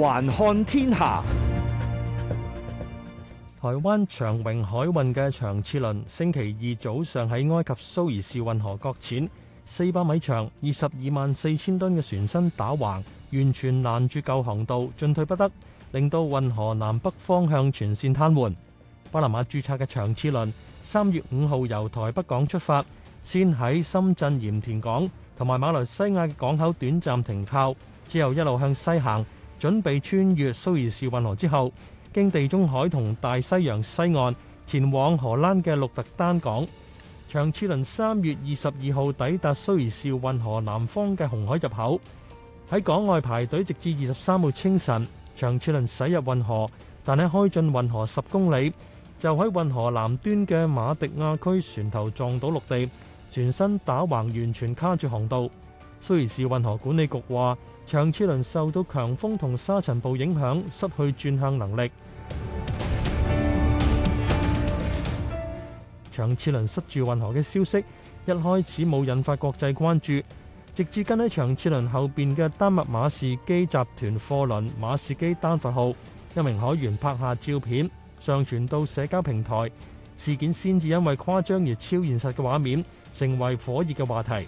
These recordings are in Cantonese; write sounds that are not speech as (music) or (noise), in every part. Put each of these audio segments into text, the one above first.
環看天下，台灣長榮海運嘅長賜輪星期二早上喺埃及蘇彝士運河擱淺，四百米長、二十二萬四千噸嘅船身打橫，完全攔住舊航道，進退不得，令到運河南北方向全線癱瘓。巴拿馬注冊嘅長賜輪三月五號由台北港出發，先喺深圳鹽田港同埋馬來西亞嘅港口短暫停靠，之後一路向西行。準備穿越蘇彝士運河之後，經地中海同大西洋西岸前往荷蘭嘅鹿特丹港。長賜輪三月二十二號抵達蘇彝士運河南方嘅紅海入口，喺港外排隊直至二十三號清晨。長賜輪駛入運河，但喺開進運河十公里就喺運河南端嘅馬迪亞區船頭撞到陸地，全身打橫，橫，完全卡住航道。蘇彝士運河管理局話。長賜輪受到強風同沙塵暴影響，失去轉向能力。 (noise) 長賜輪塞住運河嘅消息一開始冇引發國際關注，直至跟喺長賜輪後邊嘅丹麥馬士基集團貨輪馬士基丹佛號，一名海員拍下照片，上傳到社交平台，事件先至因為誇張而超現實嘅畫面成為火熱嘅話題。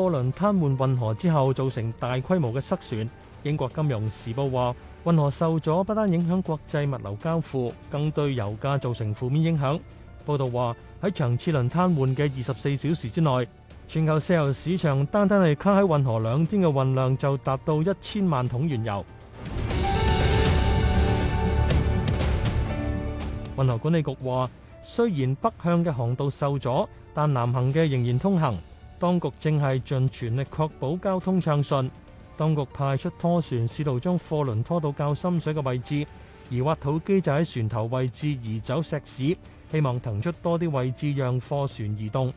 貨輪癱瘓運河之後，造成大規模嘅損失。英國金融時報話，運河受阻不單影響國際物流交付，更對油價造成負面影響。報道話，喺長賜輪癱瘓嘅二十四小時之內，全球石油市場單單係卡喺運河兩邊嘅運量就達到一千萬桶原油。運河管理局話，雖然北向嘅航道受阻，但南行嘅仍然通行。當局正係盡全力確保交通暢順。當局派出拖船試圖將貨輪拖到較深水嘅位置，而挖土機就喺船頭位置移走石屎，希望騰出多啲位置讓貨船移動。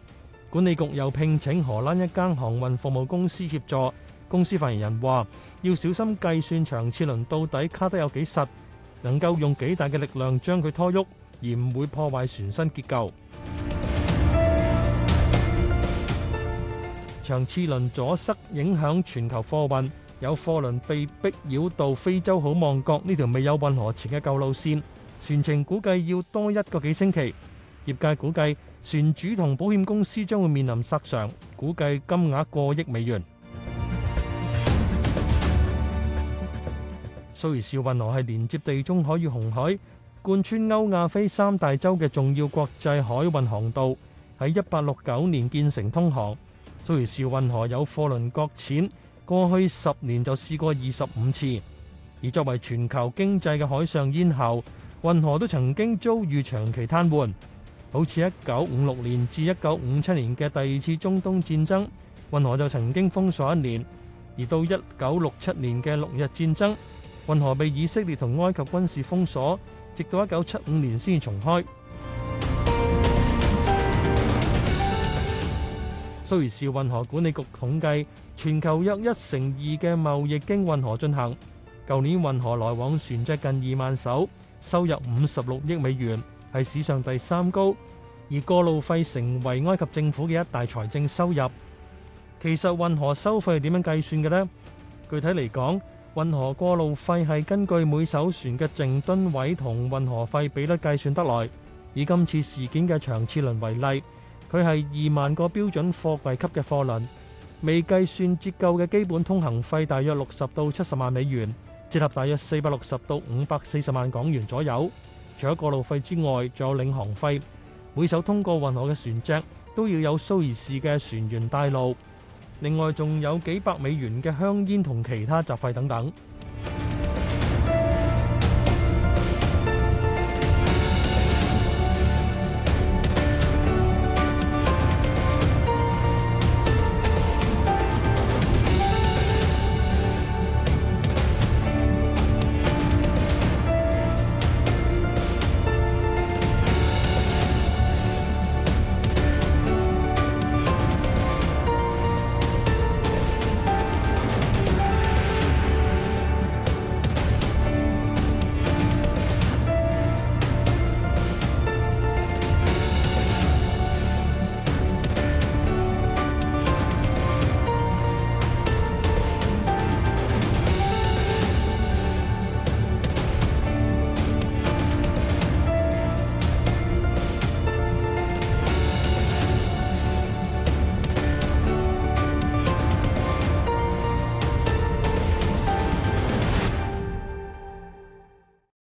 管理局又聘請荷蘭一間航運服務公司協助。公司發言人話：要小心計算長賜輪到底卡得有幾實，能夠用幾大嘅力量將佢拖喐，而唔會破壞船身結構。長賜輪阻塞影響全球貨運，有貨輪被逼繞道非洲好望角，呢條未有運河前嘅舊路線，船程估計要多一個幾星期。業界估計，船主同保險公司將會面臨索償，估計金額過億美元。蘇彝士運河係連接地中海與紅海，貫穿歐亞非三大洲嘅重要國際海運航道，喺一八六九年建成通航。蘇彝士運河有貨輪擱淺，過去十年就試過二十五次。而作為全球經濟嘅海上咽喉，運河都曾經遭遇長期癱瘓，好似一九五六年至一九五七年嘅第二次中東戰爭，運河就曾經封鎖一年。而到一九六七年嘅六日戰爭，運河被以色列同埃及軍事封鎖，直到一九七五年先重開。蘇彝士運河管理局統計，全球約一成二嘅貿易經運河進行。舊年運河來往船隻近二萬艘，收入五十六億美元，係史上第三高。而過路費成為埃及政府嘅一大財政收入。其實運河收費係點樣計算嘅呢？具體嚟講，運河過路費係根據每艘船嘅淨噸位同運河費比率計算得來。以今次事件嘅長賜輪為例。佢係二萬個標準貨櫃級嘅貨輪，未計算折舊嘅基本通行費大約六十到七十萬美元，折合大約四百六十到五百四十萬港元左右。除咗過路費之外，仲有領航費，每艘通過運河嘅船隻都要有蘇彝士嘅船員帶路。另外仲有幾百美元嘅香煙同其他雜費等等。